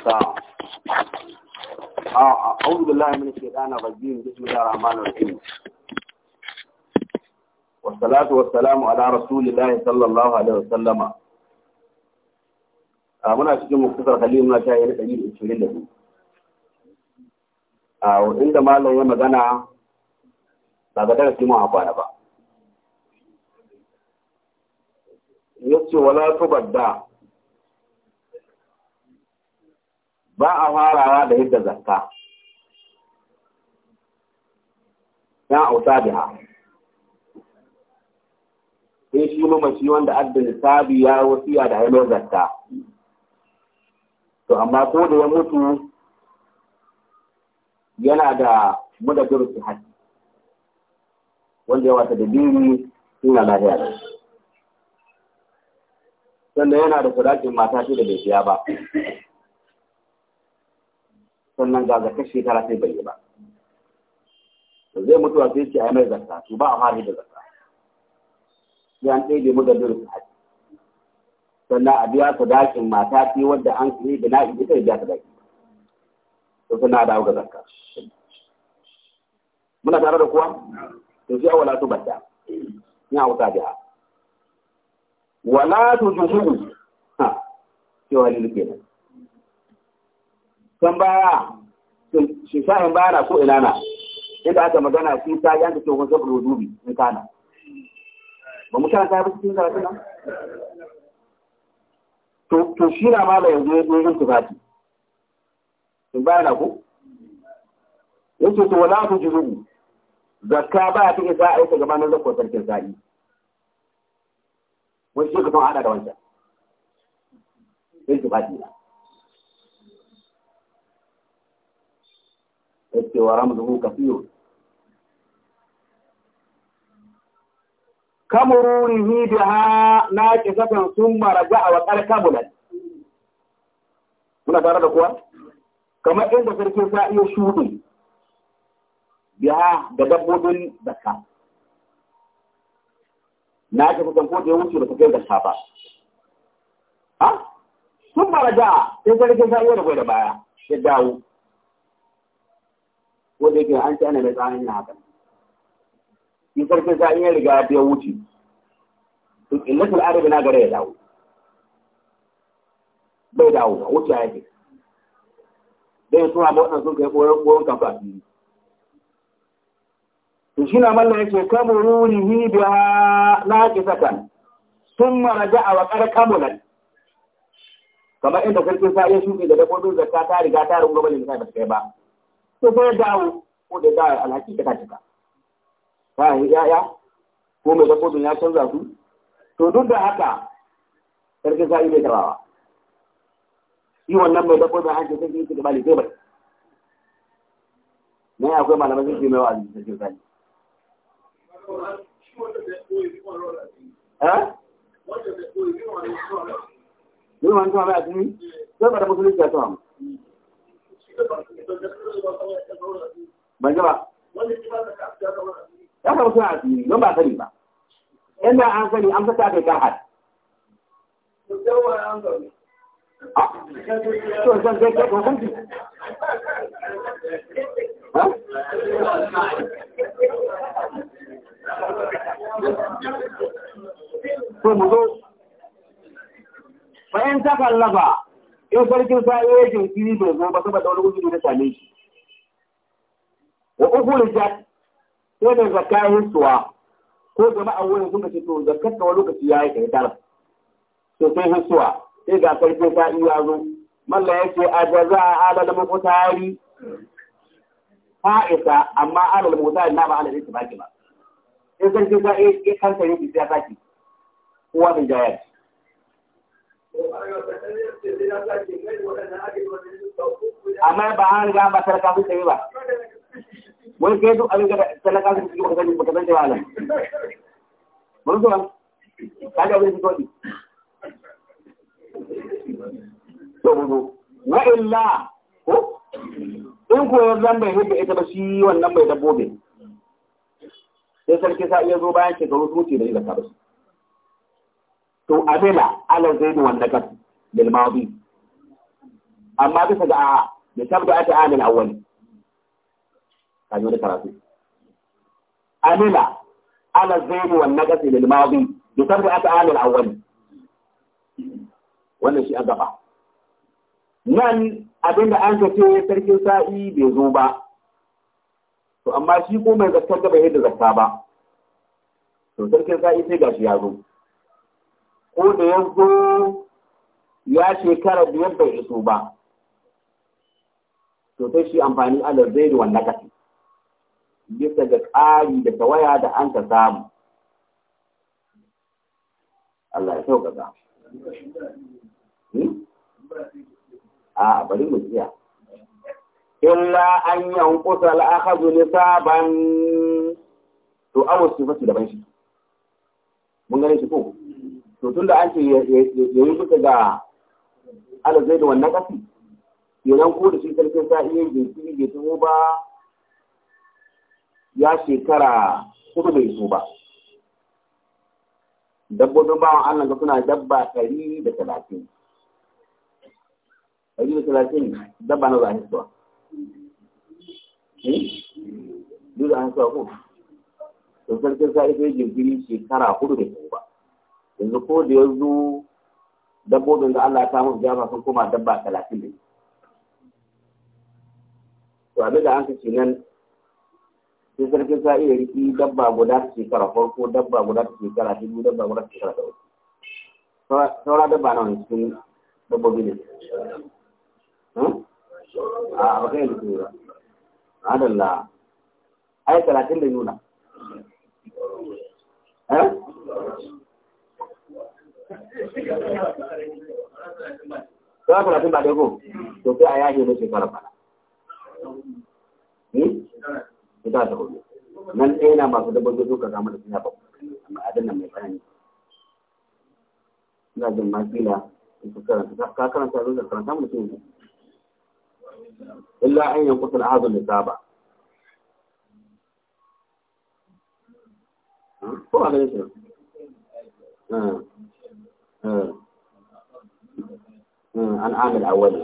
الساعة أعوذ بالله من الشيطان الرجيم بسم الله الرحمن الرحيم والصلاة والسلام على رسول الله صلى الله عليه وسلم muna cikin muktasar Kalima na ta yi ɗari ishirin da biyu a ah, inda malam ya magana ba ga darasi mu kwana ba ya ce wala tubadda ba a farawa da yadda zakka ya auta biha sai shi mamaci wanda adda lissabi ya wasiya da hailar zakka to amma ko da ya mutu yana da mudadir su haji wanda ya wata da biri suna lahiya da sannan yana da sadakin mata ce da bai siya ba sannan ga zakar shekara sai bai yi ba da zai mutuwa sai ce a yi mai zakka to ba a fara da zakka sai an ɗaya mu da lirin haji sannan a biya ta dakin mata ce wadda an kai da na'i ita ya biya ta dakin to suna dawo auga zakka muna tare da kuwa to sai awala to badda ina wuta biya wala tujuhu ha cewa kenan. kan baya shi sa'in baya na ko ina na inda aka magana shi ta yan da tokon sabu rudubi in kana ba mu kana ta cikin zarafi nan to shi na ma da yanzu ya yin tufafi. in baya na ko ce to wala tu juzu zakka ba ta isa a yi ta gabanin zakko sarkin sa'i wani shi ka tun hada da wancan tufafi na yake wa ramzuhu yi da ha na ke kisatan sun maraja a wakar kabulan muna tare da kuwa kamar inda sarki sa iya shuɗi ha da dabbobin ka. na ke kisatan ko da ya wuce ba ta kai zakka ba ha sun maraja sai sarki sa iya da baya ya dawo ko da yake an ci ana da tsarin na haka in sarkin sa in ya riga ya wuce to illatul arabi na gare ya dawo bai dawo ba wuce ya ke dai suna da sun kai koyon koyon kafa to shi na mallan yake kamuru lihi biha na ki sakan sun maraja a wakar kamulan kamar inda sarkin sa ya shuɗe da dabbobin zakka ta riga ta rungu bane ta kai ba to sai dawo ko da da alhaki ka cika ba yi yaya ko mai dakodin ya canza su to duk da haka sarki sa'i bai karawa shi wannan mai dakodin sai da bali sai bai ne akwai malamai ce mai sa'i eh Yi wani tuwa mai asini? Zai ba da musulunci ya ban ji ba ya kama ba ba an sani an fata kai to kai to mu zo in farkin sa ya yi jinkiri bai zo ba saboda wani uzuri na same shi wa uku rijat sai da zakka suwa ko jama'a wurin suka ce to zakkar ta wani lokaci ya yi kai tara to sai suwa sai ga farkin sa ya zo malla ya ce a jaza a alal mutari fa'isa amma alal mutari na ba alal baki ba sai farkin sa ya kanta yake sai ya saki kowa bin jayar amma ba an riga ba talaka sun tsaye ba wani kai duk abin da talaka sun tsaye ba kasance san ba alam mun zuwa ka ga wani da to mu wa illa ko in ko zan bai hidda ita ba shi wannan bai dabbobin sai sarki sa iya zo bayan shekaru su ce da yi da ka to abela ala zaidu wanda kan bil madi amma bisa ga a da tabda ta amin awwali kaji wani karatu amila ala zaini wan nagasi lil madi da tabda ta amin awwali wannan shi a gaba nan abinda an ka ce sarkin sa'i bai zo ba to amma shi ko mai zakkar da bai yadda zakka ba to sarkin sa'i sai gashi ya zo ko da ya zo ya shekara biyar bai iso ba to sai shi amfani alal zairi wan nakasi bisa ga ƙari da tawaya da an ta samu Allah ya sauka ga hmm? a bari mu tsaya illa an yankusa al'akhadhu nisaban to awu sifatu daban shi mun gane shi ko to tunda an ce yi duka ga alal zairi wan nakasi kenan ko da shi sarkin sa iya jinkiri bai tuho ba ya shekara hudu bai so ba dabbobin bawan Allah ga suna dabba ɗari da talatin ɗari da talatin dabba na zahin suwa hmm? duk da an suwa ko to sarkin sa ita jinkiri shekara hudu da so ba yanzu ko da yanzu dabbobin da Allah ta samu jafa sun koma dabba talatin da to abin da an ka ce nan sai sarkin sa iya riki dabba guda ta shekara farko dabba guda ta shekara ta biyu dabba guda ta shekara da uku saura dabba na wani cikin dabbobi ne hmm? a bakai da tura adalla ai talatin da nuna eh? Saura talatin ba dai ko? To sai a yashe na shekara bana. eh ita da hudu nan ɗaya na masu dabbobi suka kama da suna babu amma adin nan mai tsanani ina jin ma kila su karanta ka karanta zo da karanta mu mutum illa an yankuta al'adu lisaba ko a ganin shi an amil awali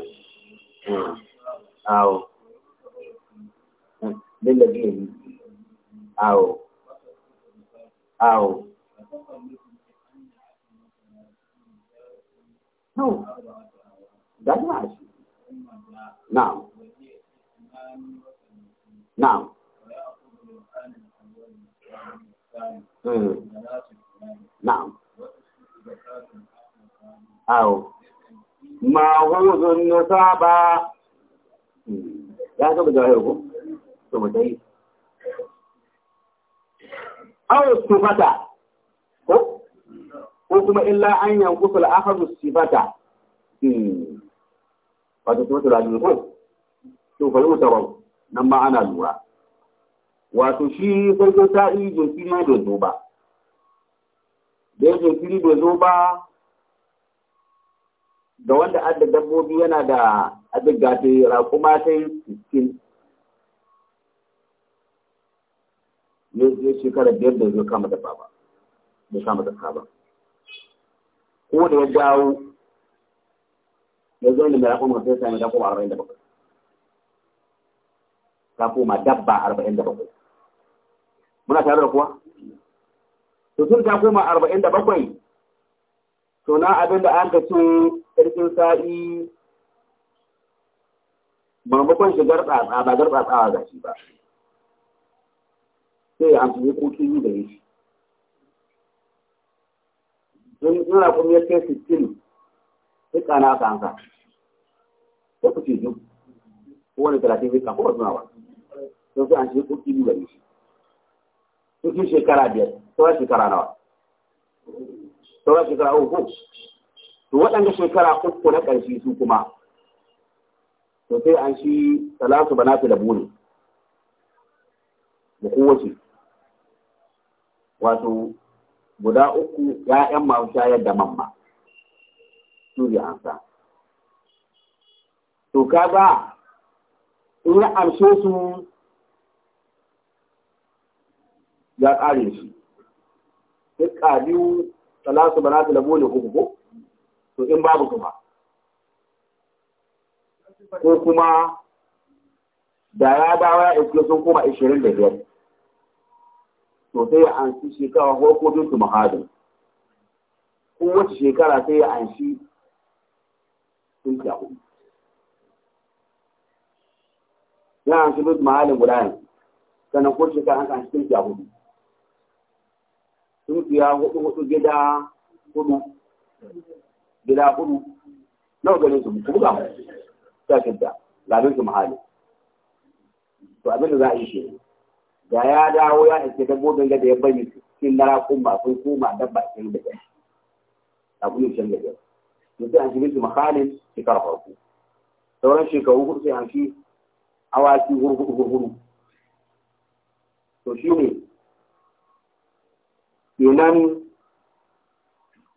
awo lẹ́lẹ́bí èyí àwò No, Now, now. Mm. Now. Ma nusaba. Ya ga da ko? sumudai aw sifata ko ko kuma illa an yankusul akhadhu sifata hmm. wato sifatu rajul ko to fa mu tawo nan ma ana lura wato shi sarkin sa'i jinkiri bai zo ba da ya jinkiri bai zo ba ga wanda adda dabbobi yana da abin gata raƙuma ta yi ya shekara biyar da zai kama da ba bai kama da ba ko da ya dawo ya zo da mai kuma sai sami da kuma arba'in da bakwai ta koma dabba arba'in da bakwai muna tare da kuwa to tun ta koma arba'in da bakwai to na abin da an ka ce ƙarfin sa'i maimakon shigar tsatsa ba gar tsatsawa ga shi ba sai ya amsa hukuki ne da yake don nuna kuma ya kai sittin duka na aka amsa ko ku ce ju ko wani talatin duka ko wasu nawa don sai an shi hukuki ne da shi cikin shekara biyar sauran shekara nawa sauran shekara uku to waɗanda shekara uku na ƙarshe su kuma to sai an shi talatu fi da buri da kowace wato guda uku ‘ya'yan masu shayar da mamma su ne ansa. To kaga in ya amshe su ya ƙare shi, duk biyu talasu ba na ta labo ne ko to in babu kuma. Ko kuma da ya dawa ya iske sun koma ashirin da biyar. to sai ya anshi shekara farko bintu mahadin kowace shekara sai ya anshi tunkiya hudu ya anshi bintu mahalin guda yanzu sannan ko shekara an anshi tunkiya hudu tunkiya hudu hudu gida hudu gida hudu nawa ganin su ku buga mu ta kinta labin su mahalin. to abin da za a yi shi ne. da ya dawo ya iske dabbobin da ya bari cikin dara kuma sun koma dabba ba cikin da ya a kuma cikin da ya to sai an shiga su makalin shekara farko sauran shekaru hudu sai an shi awaki hurhudu hurhudu to shi ne kenan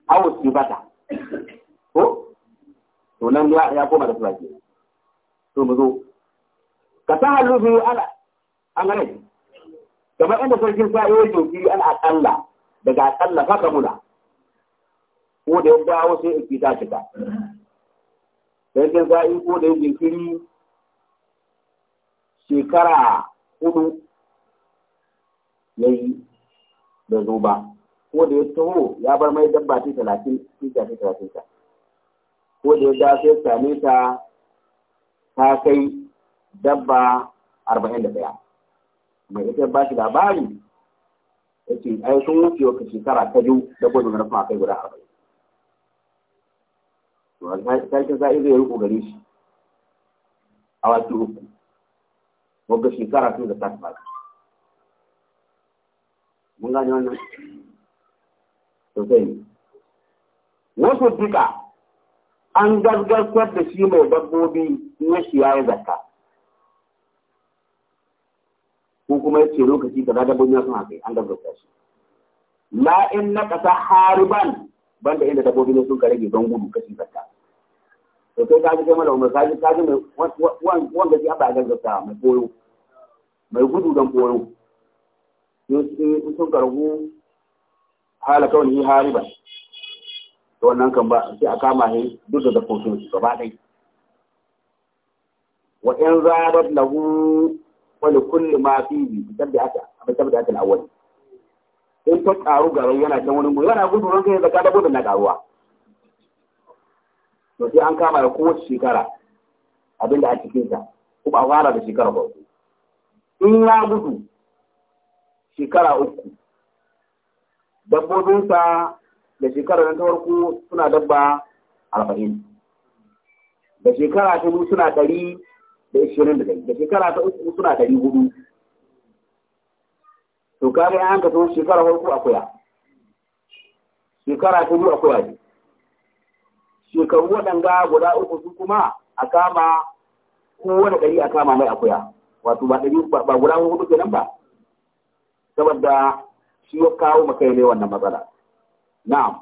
awus bata ko to nan ya koma da turaki to mu zo ka ta halu ala an ga ne kamar inda sarkin ya jogi an aƙalla daga aƙalla faka muna ko da ya dawo sai in ta cika sarkin sa'i ko da ya jinkiri shekara hudu ya yi da zuba. ko da ya taho ya bar mai dabba ta talatin ta ta talatin ta ko da ya dawo sai same ta ta kai dabba arba'in da ɗaya mai ita ba shi labari ya ce ai sun wuce wa shekara ta biyu da gwajin na kuma kai guda arba'in to za a zai riko gare shi a wasu uku wadda shekara sun da ta ba mun gani wannan sosai wasu duka an gaggasar da shi mai dabbobi na shi ya yi zakka kuma yace lokaci da da bunya suna kai an gaba shi la in na kasa hariban banda inda dabbobi ne sun ka rage don gudu kashi zakka to kai ka ji kai mala ji ka ji mai wan wan wanda shi aba gaggauta mai boyo mai gudu dan don koyo sun karbu hala kawai yi hariban to wannan kan ba sai a kama shi duk da dabbobin su gaba ɗaya wa in zadat lahu ولكل ما فيه بسبب بسبب هذا الأول in ta karu garin yana can wani mu. yana gudu ranka ya zaka da gudun na karuwa to sai an kama da kowace shekara abinda a cikin ta ko a fara da shekara farko in ya gudu shekara uku dabbobinsa da shekara na farko suna dabba arba'in da shekara ta biyu suna ɗari da ishirin da da shekara ta uku suna ɗari hudu to kare an ka so shekara farko akuya shekara ta biyu akuya ne shekaru waɗanda guda uku su kuma a kama kowane ɗari a kama mai akuya wato ba ɗari ba guda hudu kenan ba saboda shi ya kawo maka ne wannan matsala na'am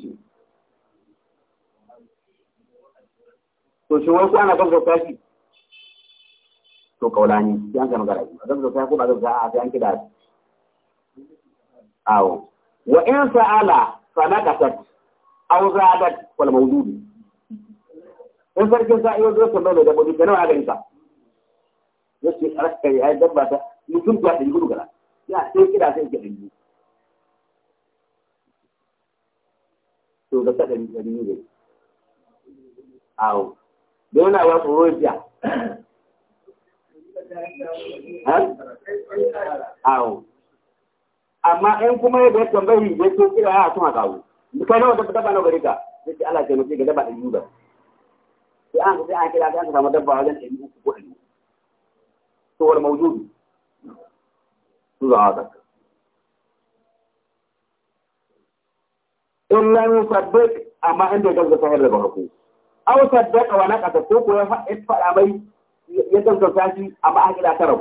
ce. to shi wai ana kan gauta to kaulani sai an gama garaji a gauta ya ko ba gauta a an kida awo wa in sa'ala sadaqatat aw zadat wal mawdud in sarkin sa iyo zo tambaye da bodi kana a garin yace rakka ya dabba ta mutum ta da gudu gara ya sai kida sai ke dinki to da ta da ni ne awo dole wa tsoro biya awo amma in kuma ya tambayi ya ce kira ya tuma kawo kai nawa da dabba na gari ka yace Allah ya mutu ga dabba ɗari ba sai an sai an kira an samu dabba wajen ɗari uku ko ɗari to wal su za a zaka in lam yusaddiq amma inda ya gaza da ba aw saddaka wa naqata ko ko ya fada mai ya tantance shi amma a kira tarau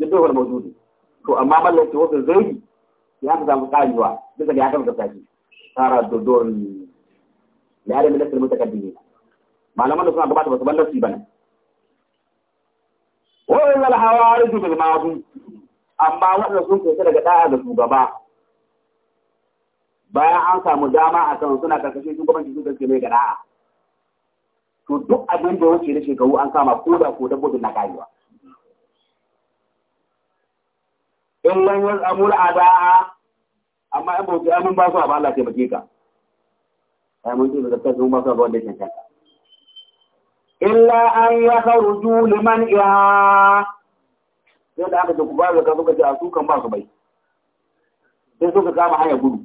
da dogon mawdudu to amma mallan to wato zai ya ka samu karewa duka da ya tantance shi tara dodon la ya milaka mutakaddimin malaman da suna gabata ba su ballar su bane wa illal hawarij bil ma'ruf amma wanda sun kai daga ɗaya da shugaba bayan an samu dama a kan suna karkashin shugabanci su gaske mai gana'a to duk abin da wuce na shekaru an kama ko da ko dabbobin na karewa in man yi amur a da'a amma in bauti amin ba su a ba Allah taimake ka ai mun ce da sun ba su ga wanda yake kanka illa an ya kharuju liman ya sai da aka ce ku ba da kasu ka ce a su kan ba su bai sai suka kama hanyar gudu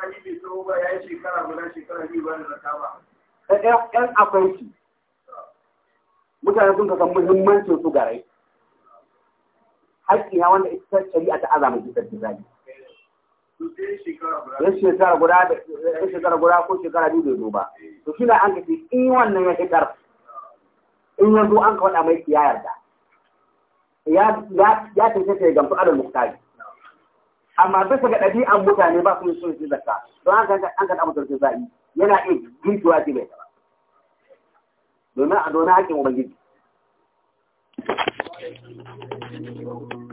'yan akwai shi mutane sun kasan muhimmancin su garai haƙƙi na wanda ita shari'a ta azama gidan da zai yan shekara guda yan shekara guda ko shekara biyu bai zo ba to shi na an ka ce in wannan ya fitar in yanzu an ka faɗa mai ya yarda ya ya tantance ya gamsu adal muktari amma bisa ga ɗabi'an mutane ba su yi sun zakka don an kan an kan amsa zai yana iya gintuwa ce bai ba domin a domin haƙƙin ubangiji